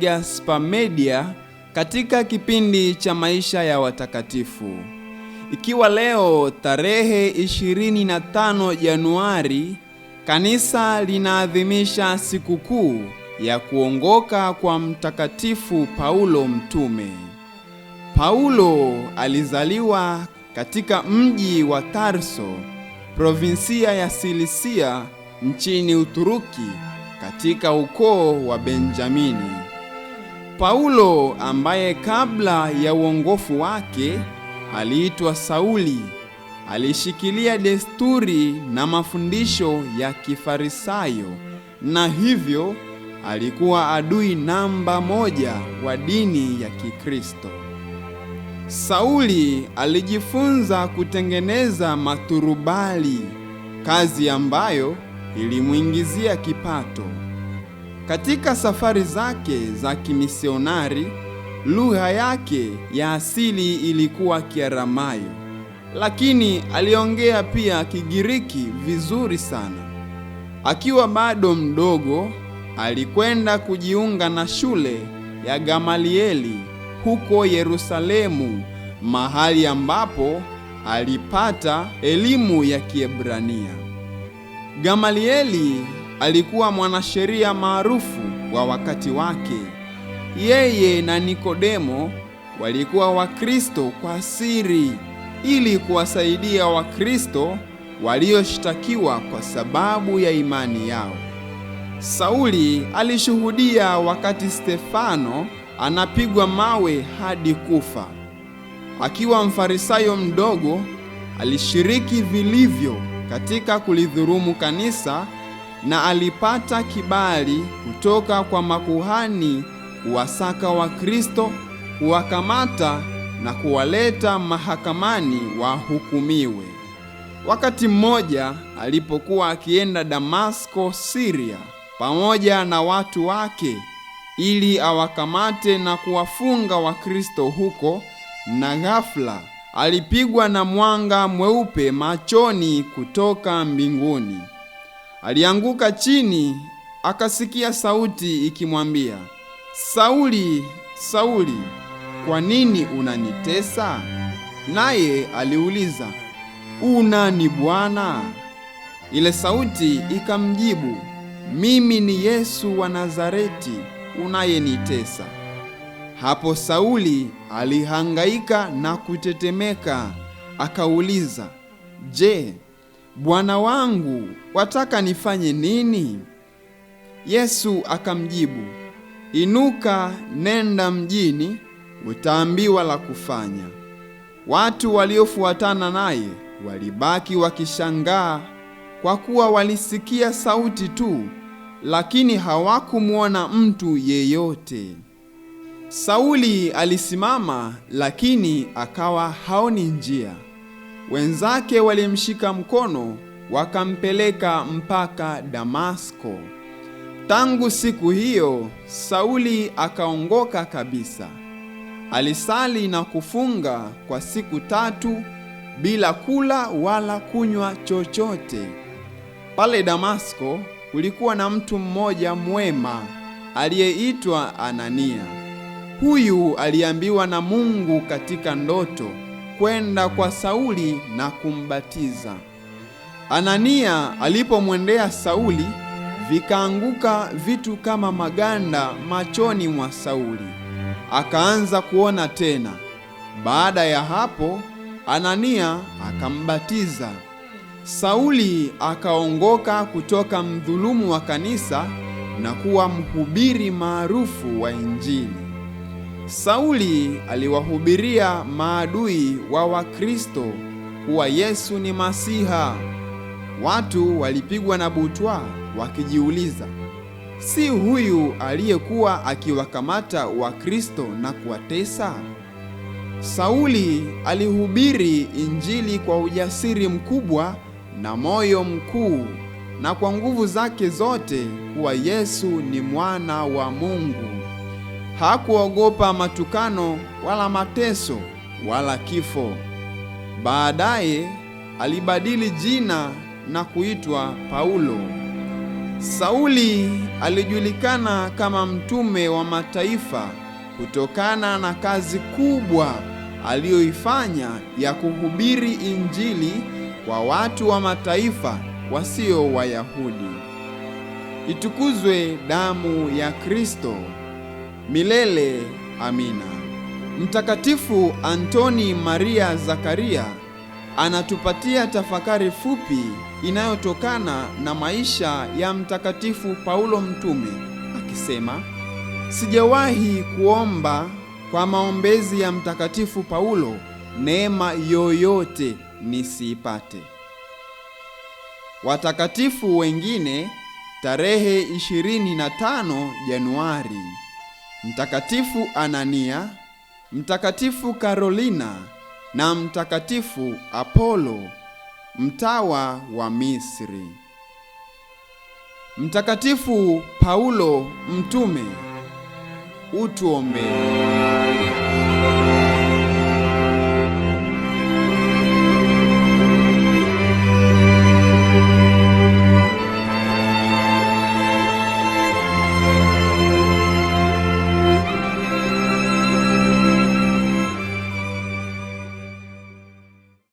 Gasparmedia katika kipindi cha maisha ya watakatifu. Ikiwa leo tarehe 25 Januari kanisa linaadhimisha sikukuu ya kuongoka kwa Mtakatifu Paulo mtume. Paulo alizaliwa katika mji wa Tarso, provinsia ya Silisia nchini Uturuki katika ukoo wa Benjamini. Paulo ambaye kabla ya uongofu wake aliitwa Sauli alishikilia desturi na mafundisho ya Kifarisayo na hivyo alikuwa adui namba moja wa dini ya Kikristo. Sauli alijifunza kutengeneza maturubali, kazi ambayo ilimwingizia kipato. Katika safari zake za kimisionari, lugha yake ya asili ilikuwa Kiaramayo, lakini aliongea pia Kigiriki vizuri sana. Akiwa bado mdogo, alikwenda kujiunga na shule ya Gamalieli huko Yerusalemu, mahali ambapo alipata elimu ya Kiebrania. Gamalieli alikuwa mwanasheria maarufu wa wakati wake. Yeye na Nikodemo walikuwa Wakristo kwa siri ili kuwasaidia Wakristo walioshtakiwa kwa sababu ya imani yao. Sauli alishuhudia wakati Stefano anapigwa mawe hadi kufa. Akiwa mfarisayo mdogo, alishiriki vilivyo katika kulidhurumu kanisa na alipata kibali kutoka kwa makuhani kuwasaka Wakristo, kuwakamata na kuwaleta mahakamani wahukumiwe. Wakati mmoja alipokuwa akienda Damasko, Siria, pamoja na watu wake ili awakamate na kuwafunga Wakristo huko, na ghafla alipigwa na mwanga mweupe machoni kutoka mbinguni alianguka chini, akasikia sauti ikimwambia, Sauli, Sauli, kwa nini unanitesa? Naye aliuliza, una ni Bwana? Ile sauti ikamjibu, mimi ni Yesu wa Nazareti unayenitesa. Hapo Sauli alihangaika na kutetemeka, akauliza, je, Bwana wangu, wataka nifanye nini? Yesu akamjibu, Inuka, nenda mjini, utaambiwa la kufanya. Watu waliofuatana naye walibaki wakishangaa kwa kuwa walisikia sauti tu, lakini hawakumwona mtu yeyote. Sauli alisimama, lakini akawa haoni njia. Wenzake walimshika mkono wakampeleka mpaka Damasko. Tangu siku hiyo Sauli akaongoka kabisa. Alisali na kufunga kwa siku tatu bila kula wala kunywa chochote. Pale Damasko kulikuwa na mtu mmoja mwema aliyeitwa Anania. Huyu aliambiwa na Mungu katika ndoto kwenda kwa Sauli na kumbatiza. Anania alipomwendea Sauli, vikaanguka vitu kama maganda machoni mwa Sauli, akaanza kuona tena. Baada ya hapo, Anania akambatiza. Sauli akaongoka kutoka mdhulumu wa kanisa na kuwa mhubiri maarufu wa Injili. Sauli aliwahubiria maadui wa Wakristo kuwa Yesu ni Masiha. Watu walipigwa na butwa wakijiuliza, si huyu aliyekuwa akiwakamata Wakristo na kuwatesa? Sauli alihubiri Injili kwa ujasiri mkubwa na moyo mkuu na kwa nguvu zake zote kuwa Yesu ni mwana wa Mungu. Hakuogopa matukano wala mateso wala kifo. Baadaye alibadili jina na kuitwa Paulo. Sauli alijulikana kama mtume wa mataifa kutokana na kazi kubwa aliyoifanya ya kuhubiri Injili kwa watu wa mataifa wasio Wayahudi. Itukuzwe damu ya Kristo! milele. Amina. Mtakatifu Antoni Maria Zakaria anatupatia tafakari fupi inayotokana na maisha ya Mtakatifu Paulo mtume akisema, sijawahi kuomba kwa maombezi ya Mtakatifu Paulo neema yoyote nisiipate. Watakatifu wengine tarehe 25 Januari. Mtakatifu Anania, Mtakatifu Karolina na Mtakatifu Apolo, mtawa wa Misri. Mtakatifu Paulo mtume, utuombee.